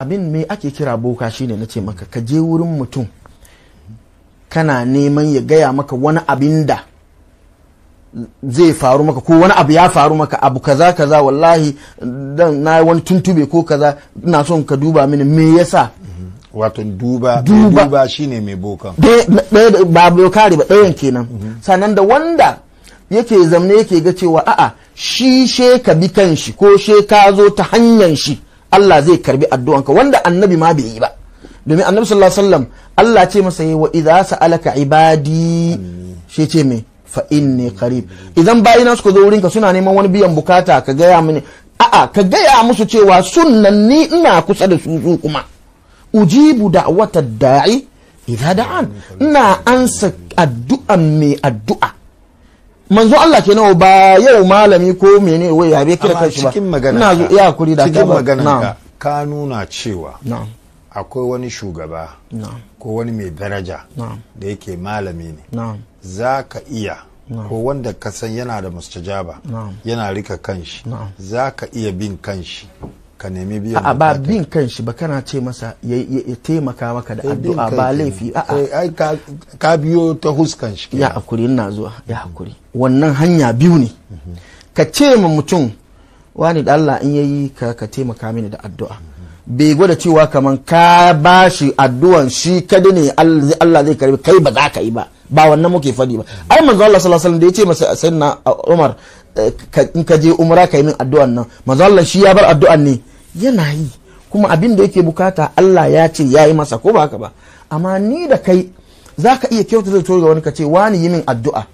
abin me ake kira boka shine na ce maka ka je wurin mutum kana neman ya gaya maka wani abin da zai faru maka ko wani abu ya faru maka abu kaza kaza wallahi dan na wani tuntube ko kaza ina son ka duba mini me yasa mhm. wato duba duba, shine mai bokan ba boka ba ɗayan kenan mhm. sannan da wanda yake zamne yake ga cewa a'a shi she ka bi kan shi ko she ka zo ta hanyar shi Allah zai karbi addu'anka wanda annabi ma bai yi ba domin annabi sallallahu alaihi wasallam Allah ce masa yi wa idza sa'alaka ibadi shi ce me fa inni qarib idan bayina suka zo wurinka suna neman wani biyan bukata ka gaya mini a'a ka gaya musu cewa sunnan ni ina kusa da su su kuma ujibu da'watad da'i idza da'an ina ansa addu'an mai addu'a manzo Allah ke nawa ba yau malami ko mene wai ya bai kira kanshi ba cikin magana ina da cikin magana ka nuna cewa akwai wani shugaba ko wani mai daraja da yake malami ne za ka iya ko wanda ka san yana da mustajaba yana rika kanshi za ka iya bin kanshi ka nemi biyan a'a ba bin kan shi ba kana ce masa ya taimaka maka da eh, addu'a ba laifi eh, ai ka biyo ta huskan shi ya hakuri ina zuwa ya mm-hmm. hakuri wannan hanya biyu ne mm-hmm. ka ce ma mutum wani da Allah in yayi ka ka taimaka mini da addu'a mm-hmm. bai gwada cewa kaman ka ba shi addu'an shi kada ne Allah zai karbi kai ba za ka yi ba ba wannan muke fadi ba ai manzo Allah sallallahu alaihi wasallam da ce masa sayyidina Umar eh, in ka je umra ka yi min addu'an nan manzo Allah shi ya bar addu'an ne yana yi kuma abin da yake bukata Allah ya ce ya yi masa ko ba ba amma ni da kai za ka iya kyauta da ga wani ka ce wani yi min addu'a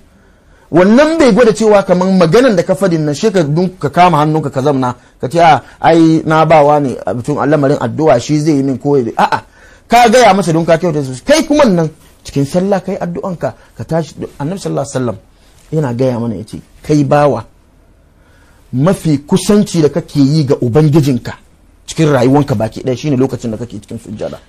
wannan bai gwada cewa kamar maganan da ka fadin nan shi ka kama hannunka ka zamna ka ce a ai na ba wani abin al'amarin addu'a shi zai yi min koyi a'a ka gaya masa don ka kyauta su kai kuma nan cikin sallah kai addu'anka ka tashi annabi sallallahu alaihi wasallam yana gaya mana yace kai bawa mafi kusanci da kake yi ga ubangijinka cikin rayuwanka baki ɗaya shine lokacin da kake cikin sujjada